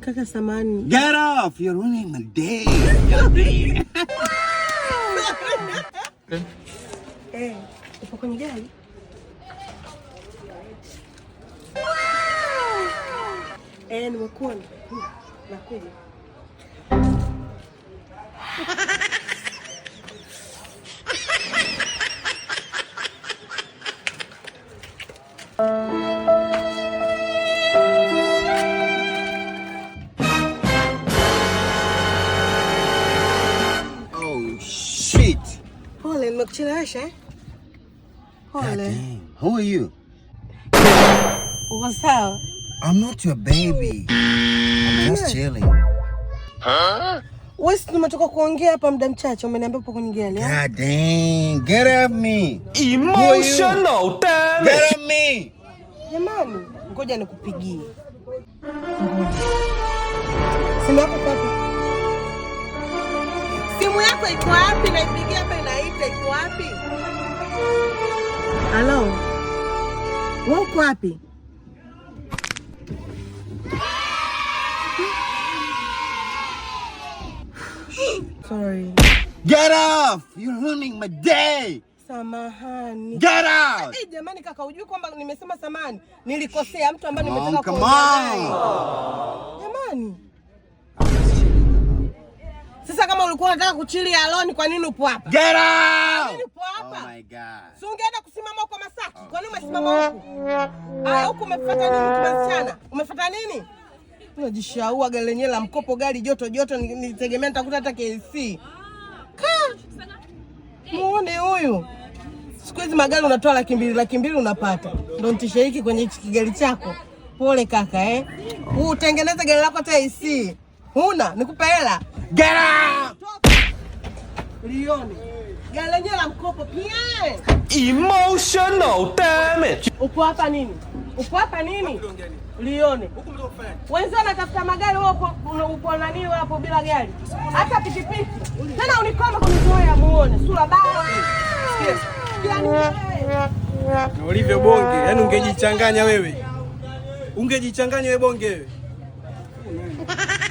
Kaka samani. Get off. You're ruining my day. Eh, uko kwenye gari? Eh, nimekuona. Hmm, nakuja. Pole, nimekuchelewesha eh? Pole. Who are you? Uko sawa? I'm not your baby. I'm just chilling. Huh? Wewe tumetoka kuongea hapa muda mchache, umeniambia upo kwenye gari. Eh? God damn. Get off me. Emotional damn. Get off me. Jamani, ngoja nikupigie. Ngoja. Sina hapo simu yako iko wapi? Naipigia hapa inaita, iko wapi? Halo, wewe uko wapi? Sorry. Get off! You're ruining my day. Samahani. Get out! Hey, jamani kaka, hujui kwamba nimesema samahani? Nilikosea mtu ambaye nimetaka kuongea naye. Jamani ulikuwa unataka kuchili alone, kwa nini upo hapa? Get out! Upo hapa? Oh my God. Si ungeenda kusimama huko Masaki. Kwa nini umesimama oh. huko? Ah, huko umefuata nini kimsichana? Umefuata nini? Unajishaua gari lenyewe la mkopo gari joto joto nilitegemea nitakuta hata KC. Ka. Muone huyu. Siku hizi magari unatoa laki mbili laki mbili unapata. Ndio nitishiriki kwenye hichi kigari chako. Pole kaka eh. Utengeneze gari lako hata AC. Huna, nikupe hela. Get out! lione gari lenyewe la mkopo pia. Emotional damage. Upo hapa nini? Upo hapa nini? Lione wenzao natafuta magari, upo nani hapo bila gari, hata pikipiki tena unikoma kwa mikoa ya muone sura baya ulivyo bonge. yaani ungejichanganya wewe, ungejichanganya wewe bonge wewe